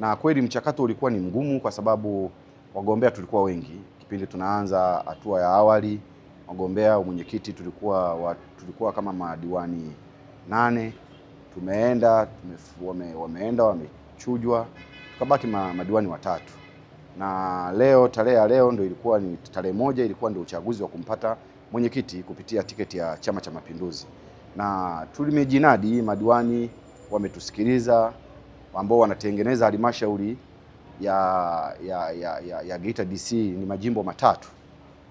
na kweli mchakato ulikuwa ni mgumu kwa sababu wagombea tulikuwa wengi kipindi tunaanza hatua ya awali. Wagombea mwenyekiti tulikuwa wa, tulikuwa kama madiwani nane. Tumeenda tume, wame, wameenda wamechujwa, tukabaki ma, madiwani watatu, na leo tarehe ya leo ndio ilikuwa ni tarehe moja, ilikuwa ndio uchaguzi wa kumpata mwenyekiti kupitia tiketi ya Chama cha Mapinduzi, na tulimejinadi, madiwani wametusikiliza ambao wanatengeneza halmashauri ya, ya, ya, ya, ya Geita DC ni majimbo matatu.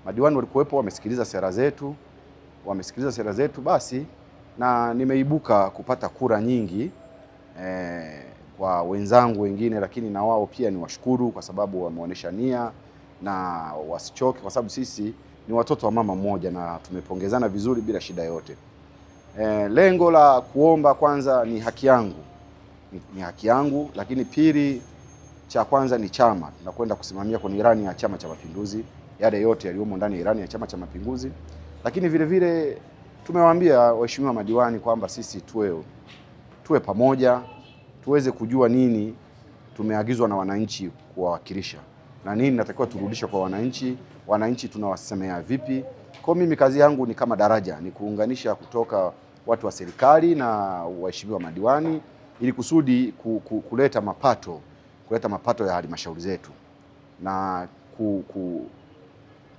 Madiwani walikuwepo wamesikiliza sera zetu, wamesikiliza sera zetu basi, na nimeibuka kupata kura nyingi eh, kwa wenzangu wengine, lakini na wao pia ni washukuru kwa sababu wameonyesha nia na wasichoke, kwa sababu sisi ni watoto wa mama mmoja na tumepongezana vizuri bila shida yote. Eh, lengo la kuomba kwanza ni haki yangu ni, ni haki yangu. Lakini pili, cha kwanza ni chama, tunakwenda kusimamia kwenye ilani ya Chama cha Mapinduzi yale yote yaliyomo ndani ya ilani ya Chama cha Mapinduzi. Lakini vile vile tumewaambia waheshimiwa madiwani kwamba sisi tuwe, tuwe pamoja tuweze kujua nini tumeagizwa na wananchi kuwawakilisha na nini natakiwa turudisha kwa wananchi, wananchi tunawasemea vipi. Kwa mimi kazi yangu ni kama daraja, ni kuunganisha kutoka watu wa serikali na waheshimiwa madiwani ili kusudi ku, ku, kuleta mapato kuleta mapato ya halmashauri zetu na ku, ku,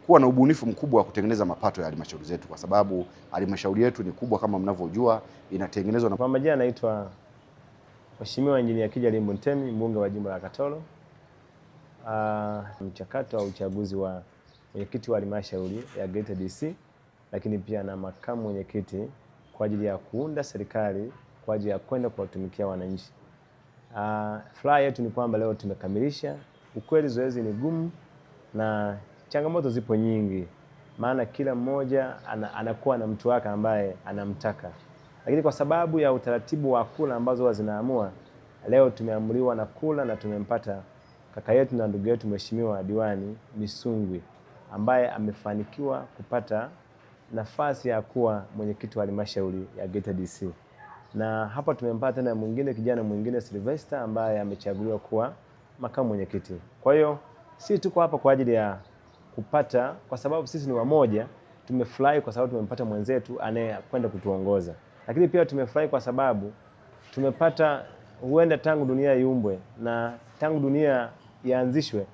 kuwa na ubunifu mkubwa wa kutengeneza mapato ya halmashauri zetu, kwa sababu halmashauri yetu ni kubwa kama mnavyojua, inatengenezwa na... Kwa majina anaitwa Mheshimiwa Injinia Kija Limbu Ntemi, mbunge wa jimbo la Katoro. Uh, mchakato wa uchaguzi wa mwenyekiti wa halmashauri ya Geita DC, lakini pia na makamu mwenyekiti kwa ajili ya kuunda serikali kwa ajili ya kwenda kuwatumikia wananchi. Uh, furaha yetu ni kwamba leo tumekamilisha. Ukweli zoezi ni gumu na changamoto zipo nyingi, maana kila mmoja ana, anakuwa na mtu wake ambaye anamtaka, lakini kwa sababu ya utaratibu wa kula ambazo huwa zinaamua, leo tumeamuliwa na kula na tumempata kaka yetu na ndugu yetu Mheshimiwa Diwani Misungwi ambaye amefanikiwa kupata nafasi ya kuwa mwenyekiti wa halmashauri ya Geita DC na hapa tumempata tena mwingine kijana mwingine Sylvester ambaye amechaguliwa kuwa makamu mwenyekiti. Kwa hiyo si tuko hapa kwa ajili ya kupata, kwa sababu sisi ni wamoja. Tumefurahi kwa sababu tumempata mwenzetu anayekwenda kutuongoza, lakini pia tumefurahi kwa sababu tumepata, huenda tangu dunia iumbwe na tangu dunia ianzishwe,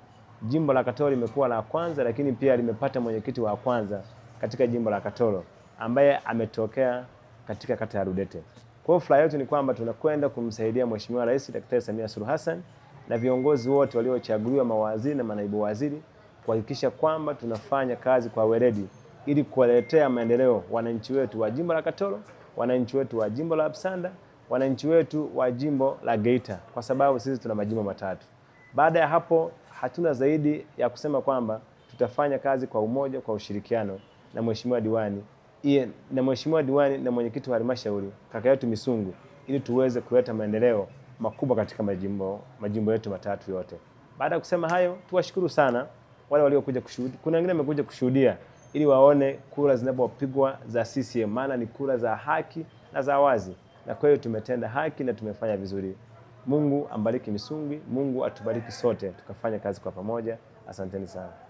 jimbo la Katoro limekuwa la kwanza, lakini pia limepata mwenyekiti wa kwanza katika jimbo la Katoro ambaye ametokea katika kata ya Rudete. Kwa hiyo furaha yetu ni kwamba tunakwenda kumsaidia Mheshimiwa Rais Daktari Samia Suluhu Hassan na viongozi wote waliochaguliwa, mawaziri na manaibu waziri, kuhakikisha kwamba tunafanya kazi kwa weledi ili kuwaletea maendeleo wananchi wetu wa jimbo la Katoro, wananchi wetu wa jimbo la Absanda, wananchi wetu wa jimbo la Geita, kwa sababu sisi tuna majimbo matatu. Baada ya hapo, hatuna zaidi ya kusema kwamba tutafanya kazi kwa umoja, kwa ushirikiano na Mheshimiwa diwani iye na mheshimiwa diwani na mwenyekiti wa halmashauri kaka yetu Misungu ili tuweze kuleta maendeleo makubwa katika majimbo majimbo yetu matatu yote. Baada ya kusema hayo, tuwashukuru sana wale waliokuja kushuhudia. Kuna wengine wamekuja kushuhudia ili waone kura zinapopigwa za CCM, maana ni kura za haki na za wazi, na kweli tumetenda haki na tumefanya vizuri. Mungu ambariki Misungwi, Mungu atubariki sote tukafanya kazi kwa pamoja. Asanteni sana.